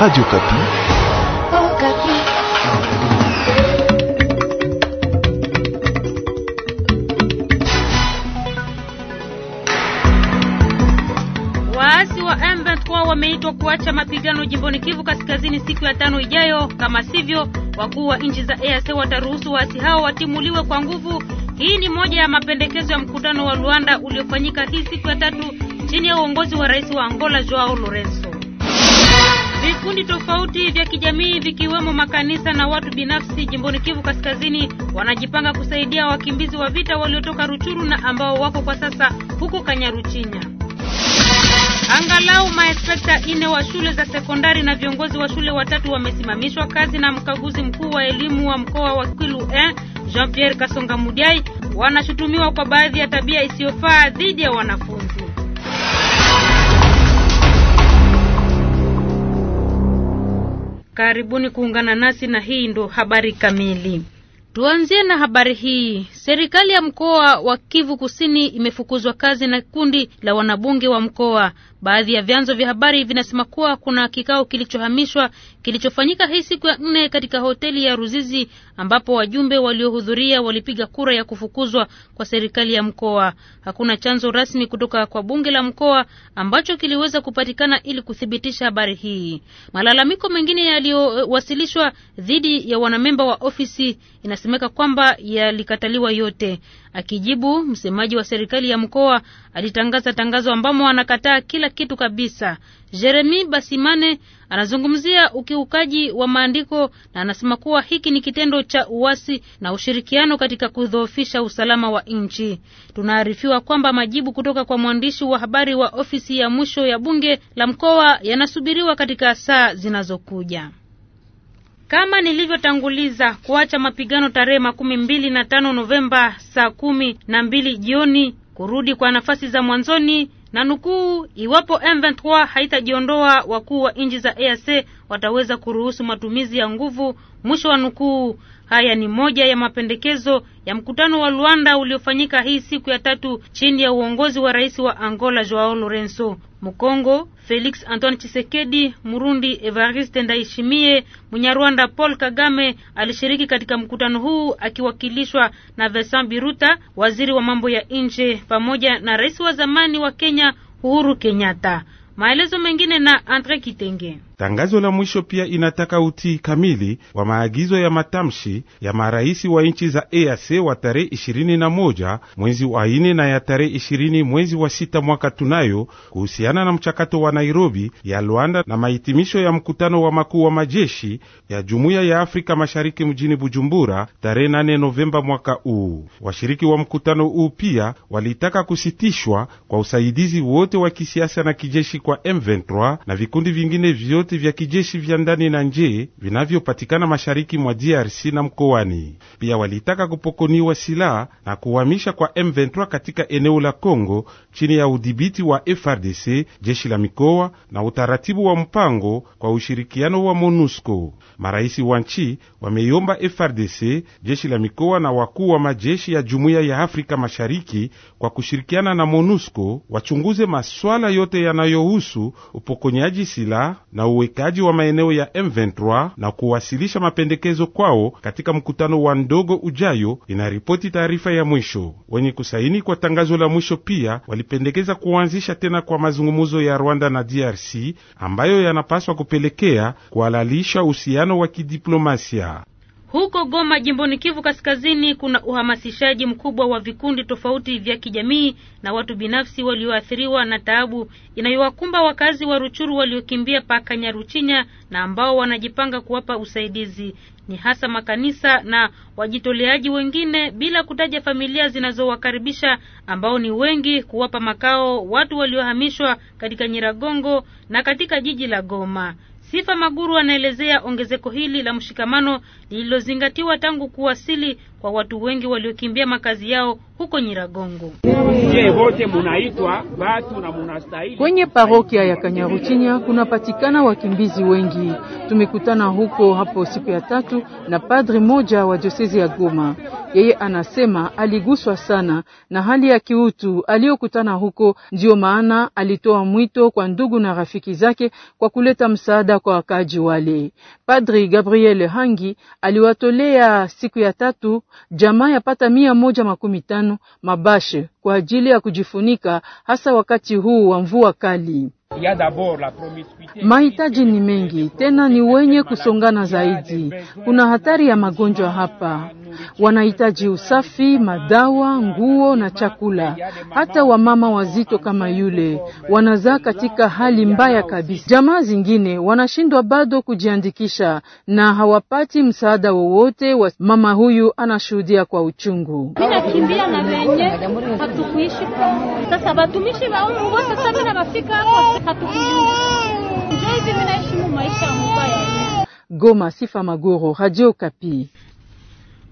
Radio Kapi. Oh, Kapi. Waasi wa M23 wameitwa kuacha mapigano jimboni Kivu Kaskazini siku ya tano ijayo, kama sivyo wakuu wa nchi za EAC wataruhusu waasi hao watimuliwe kwa nguvu. Hii ni moja ya mapendekezo ya mkutano wa Luanda uliofanyika hii siku ya tatu chini ya uongozi wa Rais wa Angola Joao Lorenzo. Vikundi tofauti vya kijamii vikiwemo makanisa na watu binafsi jimboni Kivu Kaskazini wanajipanga kusaidia wakimbizi wa vita waliotoka Ruchuru na ambao wako kwa sasa huko Kanyaruchinya. Angalau maespekta ine wa shule za sekondari na viongozi wa shule watatu wamesimamishwa kazi na mkaguzi mkuu wa elimu wa mkoa wa Kwilu eh, Jean-Pierre Kasonga Mudiai wanashutumiwa kwa baadhi ya tabia isiyofaa dhidi ya wanafunzi. Karibuni kuungana nasi na hii ndo habari kamili. Tuanzie na habari hii. Serikali ya mkoa wa Kivu Kusini imefukuzwa kazi na kundi la wanabunge wa mkoa. Baadhi ya vyanzo vya habari vinasema kuwa kuna kikao kilichohamishwa kilichofanyika hii siku ya nne katika hoteli ya Ruzizi ambapo wajumbe waliohudhuria walipiga kura ya kufukuzwa kwa serikali ya mkoa. Hakuna chanzo rasmi kutoka kwa bunge la mkoa ambacho kiliweza kupatikana ili kuthibitisha habari hii. Malalamiko mengine yaliyowasilishwa dhidi ya wanamemba wa ofisi inasema inasemeka kwamba yalikataliwa yote. Akijibu, msemaji wa serikali ya mkoa alitangaza tangazo ambamo anakataa kila kitu kabisa. Jeremi Basimane anazungumzia ukiukaji wa maandiko na anasema kuwa hiki ni kitendo cha uasi na ushirikiano katika kudhoofisha usalama wa nchi. Tunaarifiwa kwamba majibu kutoka kwa mwandishi wa habari wa ofisi ya mwisho ya bunge la mkoa yanasubiriwa katika saa zinazokuja. Kama nilivyotanguliza kuacha mapigano tarehe makumi mbili na tano Novemba saa kumi na mbili jioni, kurudi kwa nafasi za mwanzoni na nukuu, iwapo M23 haitajiondoa, wakuu wa nchi za EAC wataweza kuruhusu matumizi ya nguvu, mwisho wa nukuu. Haya ni moja ya mapendekezo ya mkutano wa Luanda uliofanyika hii siku ya tatu chini ya uongozi wa rais wa Angola Joao Lorenzo. Mkongo Felix Antoine Chisekedi, Murundi Evariste Ndayishimiye, Munyarwanda Paul Kagame alishiriki katika mkutano huu akiwakilishwa na Vincent Biruta, waziri wa mambo ya nje, pamoja na rais wa zamani wa Kenya Uhuru Kenyatta. Maelezo mengine na Andre Kitenge. Tangazo la mwisho pia inataka utii kamili wa maagizo ya matamshi ya maraisi wa nchi za EAC wa tarehe 21 mwezi wa 4 na ya tarehe 20 mwezi wa 6 mwaka tunayo kuhusiana na mchakato wa Nairobi ya Luanda na mahitimisho ya mkutano wa makuu wa majeshi ya Jumuiya ya Afrika Mashariki mjini Bujumbura tarehe nane Novemba mwaka huu. Washiriki wa mkutano huu pia walitaka kusitishwa kwa usaidizi wote wa kisiasa na kijeshi kwa M23 na vikundi vingine vyote vyote vya kijeshi vya ndani na nje vinavyopatikana mashariki mwa DRC na mkoani. Pia walitaka kupokoniwa silaha na kuhamisha kwa M23 katika eneo la Kongo chini ya udhibiti wa FRDC, jeshi la mikoa na utaratibu wa mpango kwa ushirikiano wa MONUSCO. Marais wa nchi wameiomba FRDC, jeshi la mikoa na wakuu wa majeshi ya Jumuiya ya Afrika Mashariki kwa kushirikiana na MONUSCO wachunguze maswala yote yanayohusu upokonyaji silaha na uwekaji wa maeneo ya M23 na kuwasilisha mapendekezo kwao katika mkutano wa ndogo ujayo, inaripoti taarifa ya mwisho. Wenye kusaini kwa tangazo la mwisho pia walipendekeza kuanzisha tena kwa mazungumzo ya Rwanda na DRC ambayo yanapaswa kupelekea kuhalalisha uhusiano wa kidiplomasia. Huko Goma jimboni Kivu Kaskazini kuna uhamasishaji mkubwa wa vikundi tofauti vya kijamii na watu binafsi walioathiriwa na taabu inayowakumba wakazi wa Ruchuru waliokimbia paka Nyaruchinya na ambao wanajipanga kuwapa usaidizi. Ni hasa makanisa na wajitoleaji wengine bila kutaja familia zinazowakaribisha ambao ni wengi kuwapa makao watu waliohamishwa katika Nyiragongo na katika jiji la Goma. Sifa Maguru anaelezea ongezeko hili la mshikamano lililozingatiwa tangu kuwasili kwa watu wengi waliokimbia makazi yao huko Nyiragongo. Kwenye parokia ya Kanyaruchinya kunapatikana wakimbizi wengi. Tumekutana huko hapo siku ya tatu na padri moja wa diosezi ya Goma. Yeye anasema aliguswa sana na hali ya kiutu aliyokutana huko, ndiyo maana alitoa mwito kwa ndugu na rafiki zake kwa kuleta msaada kwa wakaaji wale. Padri Gabriel Hangi aliwatolea siku ya tatu jamaa yapata mia moja makumi tano mabashe kwa ajili ya kujifunika hasa wakati huu wa mvua kali. Mahitaji ni mengi tena ni wenye kusongana zaidi. Kuna hatari ya magonjwa hapa wanahitaji usafi, madawa, nguo na chakula. Hata wamama wazito kama yule wanazaa katika hali mbaya kabisa. Jamaa zingine wanashindwa bado kujiandikisha na hawapati msaada wowote wa mama huyu anashuhudia kwa uchungu. Goma, Sifa Magoro, Radio Kapi.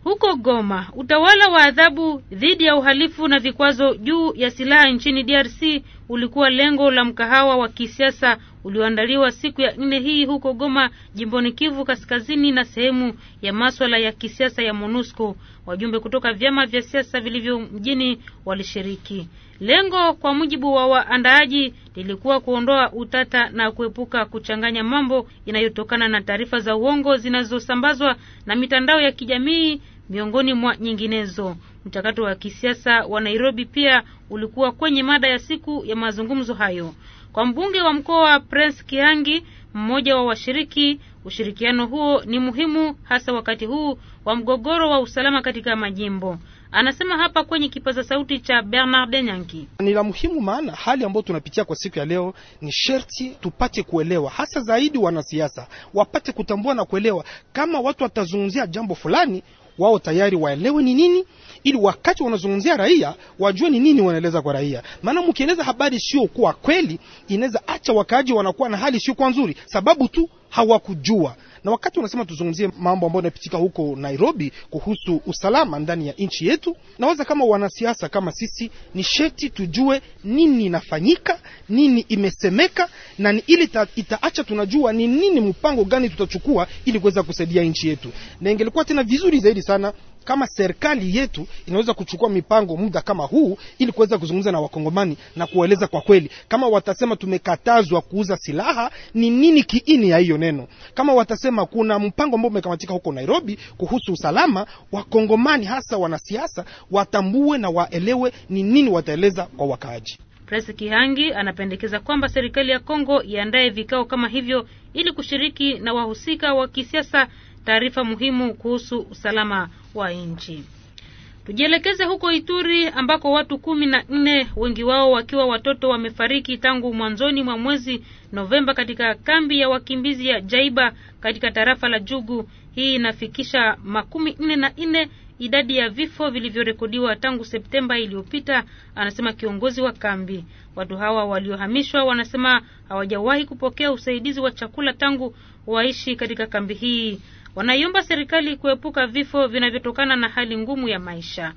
Huko Goma, utawala wa adhabu dhidi ya uhalifu na vikwazo juu ya silaha nchini DRC ulikuwa lengo la mkahawa wa kisiasa ulioandaliwa siku ya nne hii huko Goma, jimboni Kivu Kaskazini, na sehemu ya maswala ya kisiasa ya MONUSCO. Wajumbe kutoka vyama vya siasa vilivyo mjini walishiriki. Lengo kwa mujibu wa waandaaji lilikuwa kuondoa utata na kuepuka kuchanganya mambo inayotokana na taarifa za uongo zinazosambazwa na mitandao ya kijamii miongoni mwa nyinginezo. Mchakato wa kisiasa wa Nairobi pia ulikuwa kwenye mada ya siku ya mazungumzo hayo. Kwa mbunge wa mkoa wa Prince kiangi mmoja wa washiriki, ushirikiano huo ni muhimu hasa wakati huu wa mgogoro wa usalama katika majimbo. Anasema hapa kwenye kipaza sauti cha Bernard Nyanki. Ni la muhimu, maana hali ambayo tunapitia kwa siku ya leo ni sherti tupate kuelewa, hasa zaidi wanasiasa wapate kutambua na kuelewa, kama watu watazungumzia jambo fulani wao tayari waelewe ni nini, ili wakati wanazungumzia raia wajue ni nini wanaeleza kwa raia. Maana mkieleza habari sio kuwa kweli, inaweza acha wakaaji wanakuwa na hali sio kwa nzuri, sababu tu hawakujua. Na wakati unasema tuzungumzie mambo ambayo yanapitika huko Nairobi kuhusu usalama ndani ya nchi yetu, nawaza kama wanasiasa kama sisi ni sheti tujue nini inafanyika, nini imesemeka, na ni ili itaacha tunajua ni nini mpango gani tutachukua ili kuweza kusaidia nchi yetu, na ingelikuwa tena vizuri zaidi sana kama serikali yetu inaweza kuchukua mipango muda kama huu ili kuweza kuzungumza na wakongomani na kuwaeleza kwa kweli, kama watasema tumekatazwa kuuza silaha, ni nini kiini ya hiyo neno? Kama watasema kuna mpango ambao umekamatika huko Nairobi kuhusu usalama, wakongomani hasa wanasiasa watambue na waelewe ni nini wataeleza kwa wakaaji. Pres Kihangi anapendekeza kwamba serikali ya Kongo iandae vikao kama hivyo ili kushiriki na wahusika wa kisiasa taarifa muhimu kuhusu usalama wa nchi. Tujielekeze huko Ituri ambako watu kumi na nne, wengi wao wakiwa watoto, wamefariki tangu mwanzoni mwa mwezi Novemba katika kambi ya wakimbizi ya Jaiba katika tarafa la Jugu. Hii inafikisha makumi nne na nne idadi ya vifo vilivyorekodiwa tangu Septemba iliyopita, anasema kiongozi wa kambi. Watu hawa waliohamishwa wanasema hawajawahi kupokea usaidizi wa chakula tangu waishi katika kambi hii wanaiomba serikali kuepuka vifo vinavyotokana na hali ngumu ya maisha.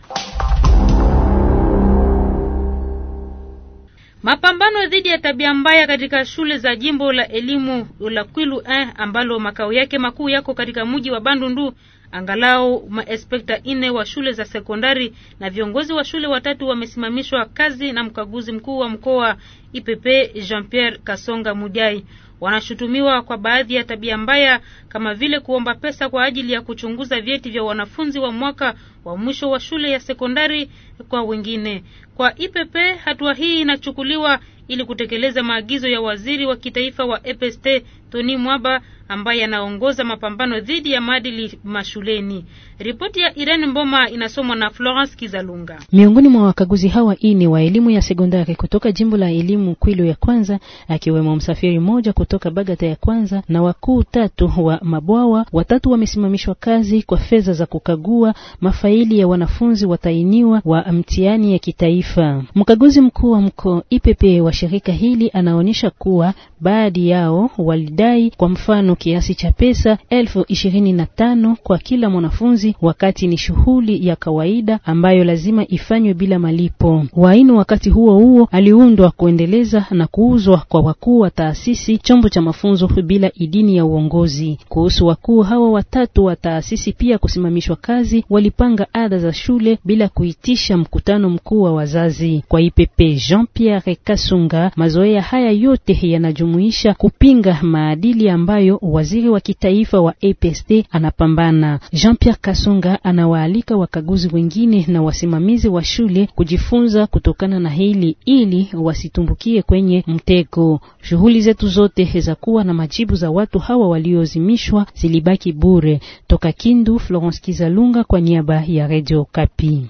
Mapambano dhidi ya tabia mbaya katika shule za jimbo la elimu la Kwilu eh, ambalo makao yake makuu yako katika mji wa Bandundu. Angalau maespekta nne wa shule za sekondari na viongozi wa shule watatu wamesimamishwa kazi na mkaguzi mkuu wa mkoa IPP Jean-Pierre Kasonga Mujai. Wanashutumiwa kwa baadhi ya tabia mbaya kama vile kuomba pesa kwa ajili ya kuchunguza vyeti vya wanafunzi wa mwaka wa mwisho wa shule ya sekondari kwa wengine. Kwa IPP, hatua hii inachukuliwa ili kutekeleza maagizo ya waziri wa kitaifa wa EPST Tony Mwaba ambaye anaongoza mapambano dhidi ya maadili mashuleni. Ripoti ya Irene Mboma inasomwa na Florence Kizalunga. Miongoni mwa wakaguzi hawa ini wa elimu ya sekondari kutoka jimbo la elimu Kwilu ya kwanza, akiwemo msafiri mmoja kutoka Bagata ya kwanza na wakuu tatu wa mabwawa watatu wamesimamishwa kazi kwa fedha za kukagua mafa mafaili ya wanafunzi watainiwa wa mtihani ya kitaifa. Mkaguzi mkuu wa mko IPP wa shirika hili anaonyesha kuwa baadhi yao walidai kwa mfano kiasi cha pesa elfu ishirini na tano kwa kila mwanafunzi, wakati ni shughuli ya kawaida ambayo lazima ifanywe bila malipo. Waini wakati huo huo aliundwa kuendeleza na kuuzwa kwa wakuu wa taasisi chombo cha mafunzo bila idini ya uongozi. Kuhusu wakuu hawa watatu wa taasisi pia kusimamishwa kazi, walipanga kupanga ada za shule bila kuitisha mkutano mkuu wa wazazi. Kwa IPP Jean Pierre Kasunga, mazoea haya yote yanajumuisha kupinga maadili ambayo waziri wa kitaifa wa EPST anapambana. Jean Pierre Kasunga anawaalika wakaguzi wengine na wasimamizi wa shule kujifunza kutokana na hili ili wasitumbukie kwenye mtego. Shughuli zetu zote za kuwa na majibu za watu hawa waliozimishwa zilibaki bure. Toka Kindu, Florence Kizalunga kwa niaba ya Radio Kapi.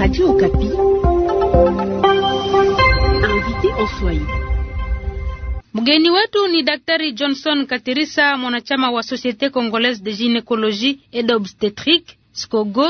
Radio Kapi. Invité en Swahili. Mgeni wetu ni Daktari Johnson katirisa mwanachama wa Société Congolaise de Gynécologie et d'Obstétrique,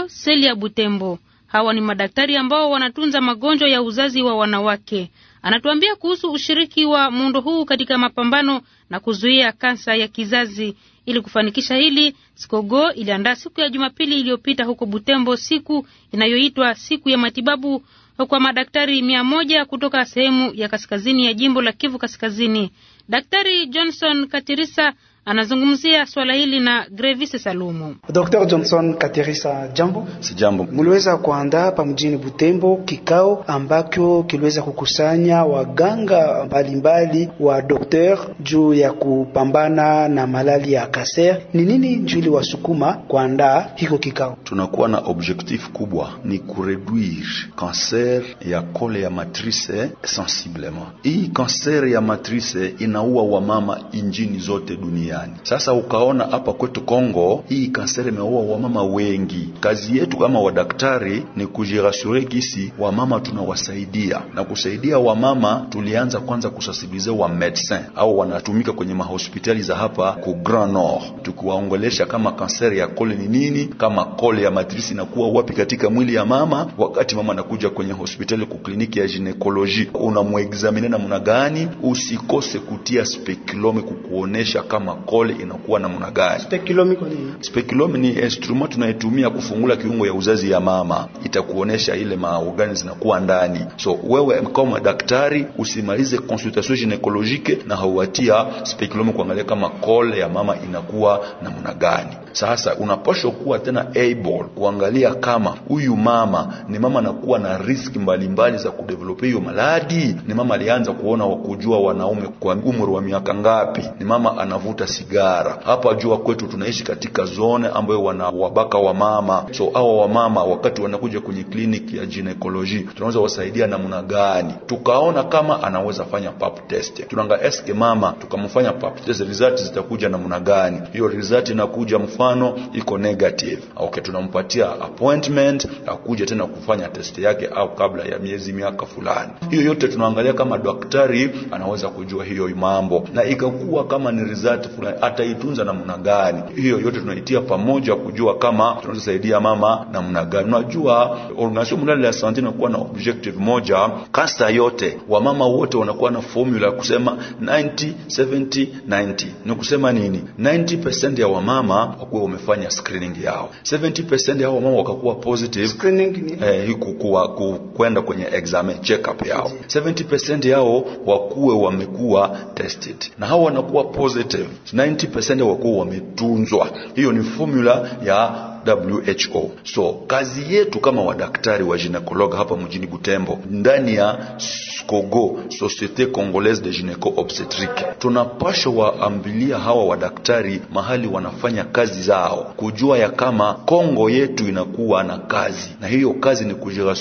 seli ya Butembo. Hawa ni madaktari ambao wanatunza magonjwa ya uzazi wa wanawake. Anatuambia kuhusu ushiriki wa muundo huu katika mapambano na kuzuia kansa ya kizazi. Ili kufanikisha hili, Sikogo iliandaa siku ya Jumapili iliyopita huko Butembo, siku inayoitwa siku ya matibabu kwa madaktari mia moja kutoka sehemu ya kaskazini ya jimbo la Kivu Kaskazini. Daktari Johnson Katirisa Anazungumzia swala hili na Grevis Salumu. Dr. Johnson Katerisa, jambo. Si jambo. Mliweza kuandaa hapa mjini Butembo kikao ambacho kiliweza kukusanya waganga mbalimbali wa dokter juu ya kupambana na malali ya kaser. Ni nini njuli wasukuma kuandaa hiko kikao? Tunakuwa na objektif kubwa ni kureduire kanser ya kole ya matrice sensiblement. Hii kanser ya matrice inaua wamama injini zote dunia duniani. Sasa ukaona hapa kwetu Kongo hii kanseri imeua wamama wengi. Kazi yetu kama wadaktari ni kujirasure gisi wamama tunawasaidia na kusaidia wamama. Tulianza kwanza kusasibiliza wa medecin au wanatumika kwenye mahospitali za hapa ku Grand Nord, tukiwaongelesha kama kanseri ya kole ni nini, kama kole ya matrisi inakuwa wapi katika mwili ya mama. Wakati mama anakuja kwenye hospitali ku kliniki ya ginekoloji, unamwexamine namna gani? Usikose kutia spekulome kukuonesha kama kole inakuwa namna gani? Speculomi kwa nini? ni instrument tunaitumia kufungula kiungo ya uzazi ya mama, itakuonesha ile maorgani zinakuwa ndani. So wewe kama daktari usimalize consultation gynecologique na hauatia speculomi kuangalia kama kole ya mama inakuwa namna gani. Sasa unapaswa kuwa tena able kuangalia kama huyu mama ni mama anakuwa na riski mbalimbali za kudevelope hiyo maladi, ni mama alianza kuona kujua wanaume kwa umri wa miaka ngapi, ni mama anavuta sigara. Hapa jua kwetu tunaishi katika zone ambayo wana wabaka wa mama, so hawa wamama wakati wanakuja kwenye kliniki ya ginekoloji tunaweza wasaidia namna gani? Tukaona kama anaweza fanya pap test, tunanga eske mama, tukamfanya pap test, result zitakuja namna gani? Hiyo result inakuja mfano iko negative, okay, tunampatia appointment akuje tena kufanya test yake, au kabla ya miezi miaka fulani. Hiyo yote tunaangalia kama daktari anaweza kujua hiyo mambo, na ikakuwa kama ni result chakula ataitunza namna gani. Hiyo yote tunaitia pamoja kujua kama tunasaidia mama namna gani. Unajua, Organisation Mondiale la Sante inakuwa na objective moja, kasta yote wamama wote wanakuwa na formula ya kusema 90 70 90. Ni kusema nini? 90% ya wamama wakuwa wamefanya screening yao, 70% ya wamama wakakuwa positive screening, ni eh, hiku kukuwa kwenda kwenye exam check up yao 70% yao wakuwe wamekuwa tested na hao wanakuwa positive. 90% wako wametunzwa. Hiyo ni formula ya WHO. So kazi yetu kama wadaktari wa ginekologa hapa mjini Butembo ndani ya SCOGO, Societe Congolaise de Gineco Obstetrique, tunapasha waambilia hawa wadaktari mahali wanafanya kazi zao, kujua ya kama Kongo yetu inakuwa na kazi, na hiyo kazi ni wa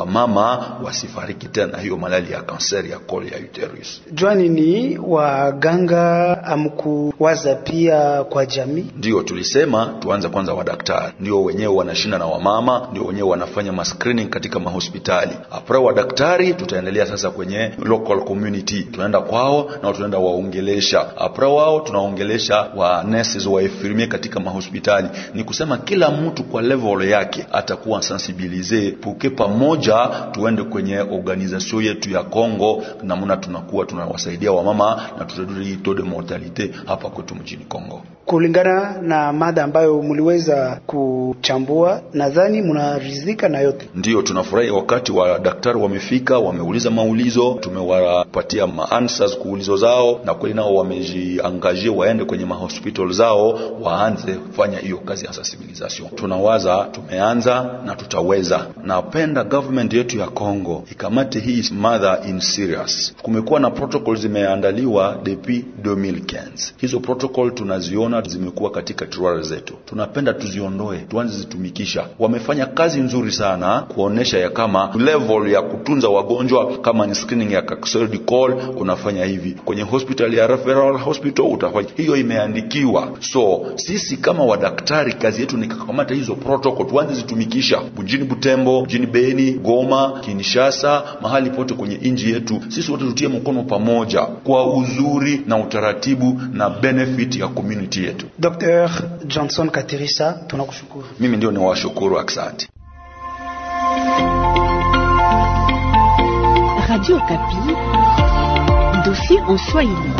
wamama wasifariki tena hiyo malali ya kanseri ya kol ya uterus. Juani ni waganga amkuwaza pia kwa jamii, ndiyo tulisema tuanze kwanza wadaktari madaktari, ndio wenyewe wanashinda na wamama, ndio wenyewe wanafanya screening katika mahospitali. Apre wadaktari, tutaendelea sasa kwenye local community, tunaenda kwao na tunaenda waongelesha. Apre wao tunaongelesha wa nurses waefirmie katika mahospitali. Ni kusema kila mtu kwa level yake atakuwa sensibilize puke, pamoja tuende kwenye organization yetu ya Kongo, namna tunakuwa tunawasaidia wamama na tutaduri taux de mortalite hapa kwetu mjini Kongo kulingana na mada ambayo mliweza kuchambua, nadhani mnaridhika na yote. Ndiyo, tunafurahi wakati wa daktari wamefika, wameuliza maulizo, tumewapatia maanswers kuulizo zao, na kweli nao wamejiangazia waende kwenye mahospital zao waanze kufanya hiyo kazi ya sensibilization. Tunawaza tumeanza na tutaweza. Napenda government yetu ya Congo ikamate hii mother in serious. Kumekuwa na protocol zimeandaliwa depuis 2015 hizo protocol tunaziona tunaona zimekuwa katika trora zetu, tunapenda tuziondoe, tuanze zitumikisha. Wamefanya kazi nzuri sana kuonesha ya kama level ya kutunza wagonjwa, kama ni screening ya Kaksoli call unafanya hivi kwenye hospital ya referral hospital utafanya hiyo, imeandikiwa. So sisi kama wadaktari kazi yetu ni kukamata hizo protocol, tuanze zitumikisha mjini Butembo, mjini Beni, Goma, Kinshasa, mahali pote kwenye inji yetu. Sisi wote tutie mkono pamoja kwa uzuri na utaratibu na benefit ya community yetu. Dr. Johnson Katirisa, tunakushukuru. Mimi ndio niwashukuru aksati. Radio Kapi, dossier en Swahili.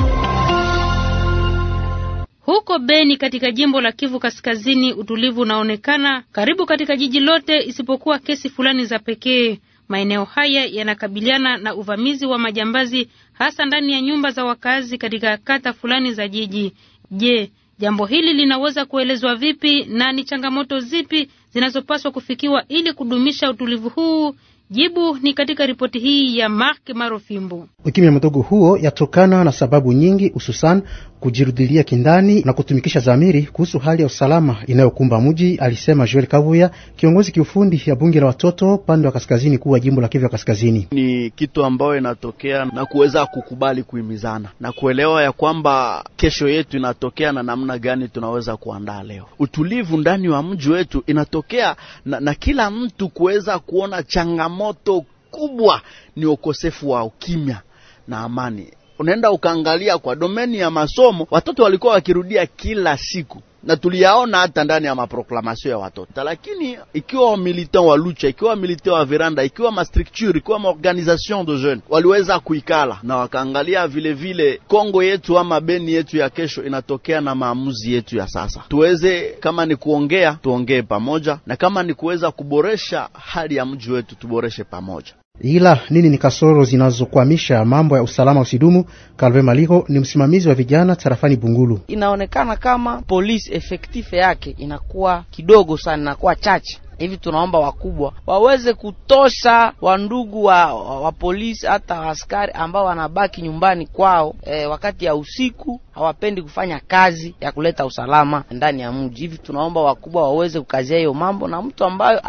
Huko Beni katika jimbo la Kivu Kaskazini, utulivu unaonekana karibu katika jiji lote isipokuwa kesi fulani za pekee. Maeneo haya yanakabiliana na uvamizi wa majambazi hasa ndani ya nyumba za wakazi katika kata fulani za jiji. Je, Jambo hili linaweza kuelezwa vipi na ni changamoto zipi zinazopaswa kufikiwa ili kudumisha utulivu huu? Jibu ni katika ripoti hii ya Mark Marofimbo. Ukimya mdogo huo yatokana na sababu nyingi, hususan kujirudilia kindani na kutumikisha zamiri kuhusu hali ya usalama inayokumba mji, alisema Joel Kavuya, kiongozi kiufundi ya bunge la watoto pande wa kaskazini kuwa jimbo la Kivu ya kaskazini. Ni kitu ambayo inatokea na kuweza kukubali kuimizana na kuelewa ya kwamba kesho yetu inatokea na namna gani tunaweza kuandaa leo utulivu ndani wa mji wetu, inatokea na, na kila mtu kuweza kuona changamoto changamoto kubwa ni ukosefu wa ukimya na amani unaenda ukaangalia kwa domeni ya masomo, watoto walikuwa wakirudia kila siku na tuliyaona hata ndani ya maproklamasio ya watoto. Lakini ikiwa wamilitan wa lucha, ikiwa wamilitant wa viranda ikiwa mastrukture ikiwa maorganisation de jeune waliweza kuikala na wakaangalia vilevile vile, Kongo yetu ama Beni yetu ya kesho inatokea na maamuzi yetu ya sasa. Tuweze kama ni kuongea tuongee pamoja, na kama ni kuweza kuboresha hali ya mji wetu tuboreshe pamoja. Ila nini ni kasoro zinazokwamisha mambo ya usalama usidumu? Kalve Maliko ni msimamizi wa vijana tarafani Bungulu. Inaonekana kama polisi efektife yake inakuwa kidogo sana, inakuwa chache hivi tunaomba wakubwa waweze kutosha wandugu wa, wa, wa polisi hata askari ambao wanabaki nyumbani kwao e, wakati ya usiku hawapendi kufanya kazi ya kuleta usalama ndani ya mji. Hivi tunaomba wakubwa waweze kukazia hiyo mambo, na mtu ambayo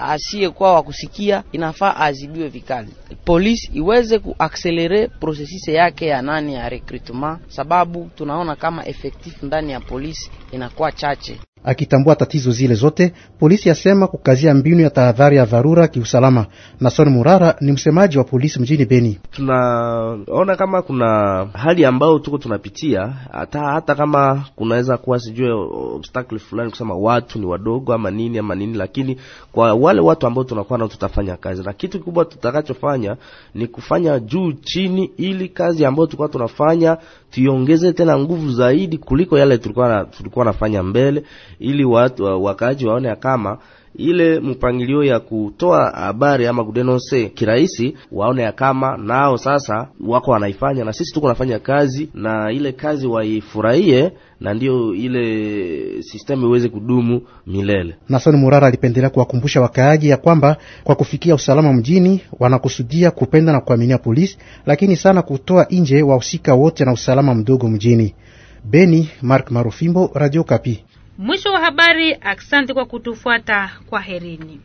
kwa wa kusikia inafaa azibiwe vikali. Polisi iweze kuakselere prosesise yake ya nani ya recruitment, sababu tunaona kama effective ndani ya polisi inakuwa chache. Akitambua tatizo zile zote, polisi yasema kukazia mbinu ya tahadhari ya dharura kiusalama. Nason Murara ni msemaji wa polisi mjini Beni. Tunaona kama kuna hali ambayo tuko tunapitia, hata hata kama kunaweza kuwa sijue obstacle fulani kusema watu ni wadogo ama nini ama nini, lakini kwa wale watu ambao tunakuwa nao tutafanya kazi, na kitu kikubwa tutakachofanya ni kufanya juu chini, ili kazi ambayo tulikuwa tunafanya tuiongeze tena nguvu zaidi kuliko yale tulikuwa tulikuwa nafanya mbele ili watu wakaaji waone kama ile mpangilio ya kutoa habari ama kudenonse kirahisi, waone ya kama nao sasa wako wanaifanya, na sisi tuko nafanya kazi na ile kazi waifurahie, na ndio ile sistemu iweze kudumu milele. Nasoni Murara alipendelea kuwakumbusha wakaaji ya kwamba kwa kufikia usalama mjini wanakusudia kupenda na kuaminia polisi, lakini sana kutoa nje wahusika wote na usalama mdogo mjini. Beni, Mark Marufimbo, Radio Kapi. Mwisho wa habari. Asante kwa kutufuata. Kwa herini.